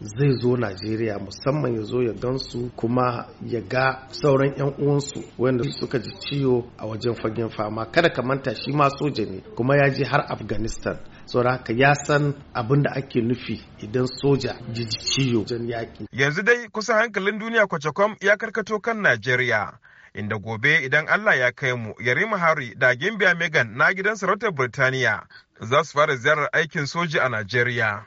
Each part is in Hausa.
zai zo najeriya musamman ya zo ya gansu kuma ya ga sauran 'yan uwansu wanda suka ji ciwo a wajen fagen fama kada ka manta shi ma soja ne kuma ya je har afghanistan saboda ya san abin da ake nufi idan soja ji ciwo wajen yaƙi yanzu dai kusan hankalin duniya kwacakwam ya karkato kan najeriya inda gobe idan Allah ya kai mu Yarima Hari da Gimbiya Megan na gidan sarautar Birtaniya za su fara ziyarar aikin soji a Najeriya.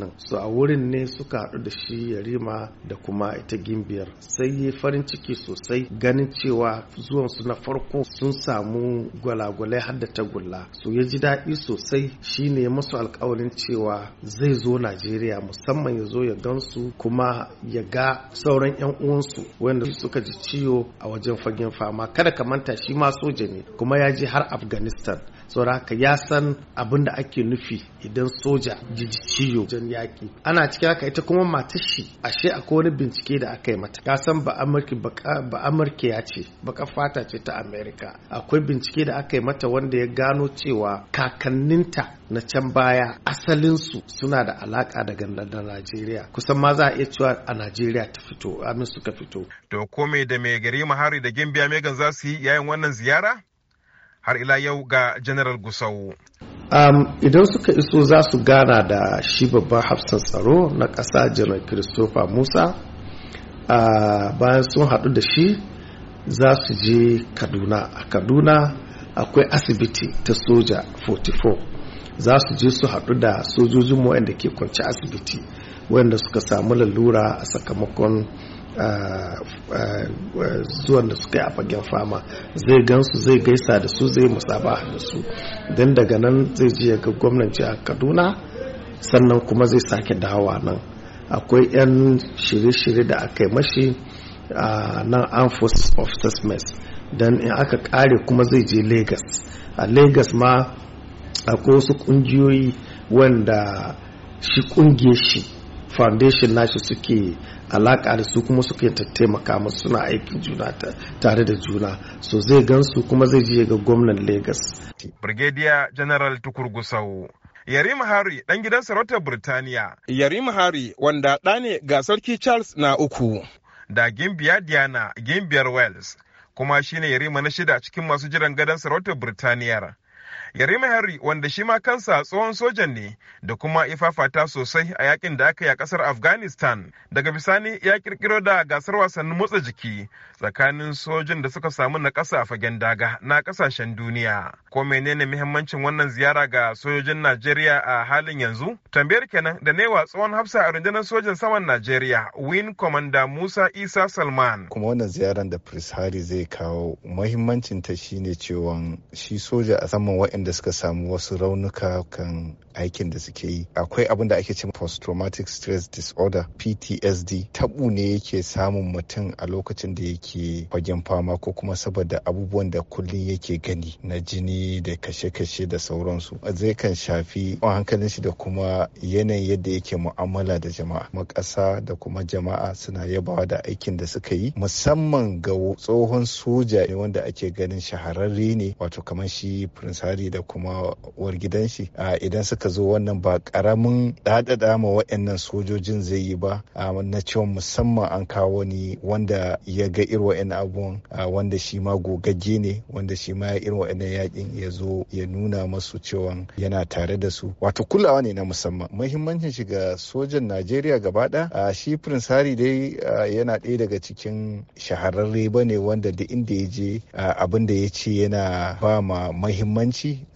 nan so a wurin ne suka haɗu da shi yarima da kuma ita gimbiyar sai yi farin ciki sosai ganin cewa zuwan su na farko sun samu gwalagwalai har da tagulla so ya ji daɗi sosai shine masu alkawarin cewa zai zo najeriya musamman ya zo ya gansu kuma ya ga sauran 'yan uwansu wanda suka ji ciwo a wajen fagen fama kada ka manta shi ma soja ne kuma ya je har afghanistan ka ya san abin da ake nufi idan soja ji ciyo jan yaƙi ana cikin haka ita kuma matar shi ashe akwai wani bincike da aka yi mata ya san ba amurka ya ce baka fata ce ta Amerika. akwai bincike da aka yi mata wanda ya gano cewa kakanninta na can baya asalinsu suna da alaka da gandar najeriya kusan ma za a iya cewa a najeriya ta fito amin suka fito to kome da mai gari mahari da gimbiya megan za su yi yayin wannan ziyara har ila yau ga General Gusau. Um, idan suka iso za su gana da shi babban hafsan tsaro na ƙasa General Christopher Musa uh, bayan sun haɗu da shi za su je Kaduna. A Kaduna akwai asibiti ta soja 44 za su je su haɗu da sojojin waɗanda ke kwanci asibiti wayanda suka samu lalura a sakamakon zuwan da suka yi a fagen fama zai gansu zai gaisa da su zai musaba da su don daga nan zai je ga gwamnati a kaduna sannan kuma zai sake dawa nan akwai 'yan shirye-shirye da aka yi mashi a nan armed forces officers don in aka kare kuma zai je lagos a lagos ma akwai wasu kungiyoyi wanda shi kungiyar shi foundation nashi suke alaka da su kuma suke taimaka musu suna aikin juna tare da juna so zai gansu kuma zai je ga gwamnan lagos brigadier general tukur gusau Yarima Hari ɗan gidan sarautar Birtaniya. Yarima Hari wanda ɗa ne ga Sarki Charles na uku. Da Gimbiya Diana Gimbiyar Wales kuma shine Yarima na shida cikin masu jiran gadon sarautar Birtaniyar. Yarima Henry wanda shi ma kansa tsohon sojan ne da kuma ifafata sosai a yakin da aka yi a kasar Afghanistan. Daga bisani ya kirkiro da gasar wasannin motsa jiki tsakanin sojin da suka samu na kasa a fagen daga na kasashen duniya. Ko menene muhimmancin wannan ziyara ga sojojin Najeriya a halin yanzu? Tambayar kenan da newa tsohon hafsa a rundunar sojan saman Najeriya Win Commander Musa Isa Salman. Kuma wannan ziyaran da Prince Harry zai kawo muhimmancin ta shine cewa shi soja a saman waɗanda suka samu wasu raunuka kan aikin da suke yi akwai abin da ake ce post traumatic stress disorder PTSD tabu ne yake samun mutum a lokacin da yake fagen fama ko kuma saboda abubuwan da kullum yake gani na jini da kashe-kashe da sauransu zai kan shafi hankalin shi da kuma yanayin yadda yake mu'amala da jama'a makasa da kuma jama'a suna yabawa da aikin da suka yi musamman ga tsohon soja ne wanda ake ganin shahararre ne wato kamar shi prince tsari da kuma uwar gidan shi idan suka zo wannan ba karamin daɗaɗa ma waɗannan sojojin zai yi ba na cewa musamman an kawo ni wanda ya ga irin waɗannan abubuwan wanda shi ma gogagge ne wanda shi ma ya irin waɗannan yakin ya zo ya nuna masu cewa yana tare da su wato kulawa ne na musamman muhimmancin shi ga sojan najeriya gaba ɗaya shi prince harry dai yana ɗaya daga cikin shahararre bane wanda da inda ya je abin da ya ce yana ba ma muhimmanci shi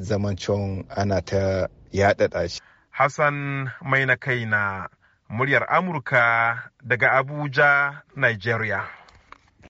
zaman cewa ana ta yaɗaɗa shi. Hassan mai na kai na muryar Amurka daga Abuja, Nigeria.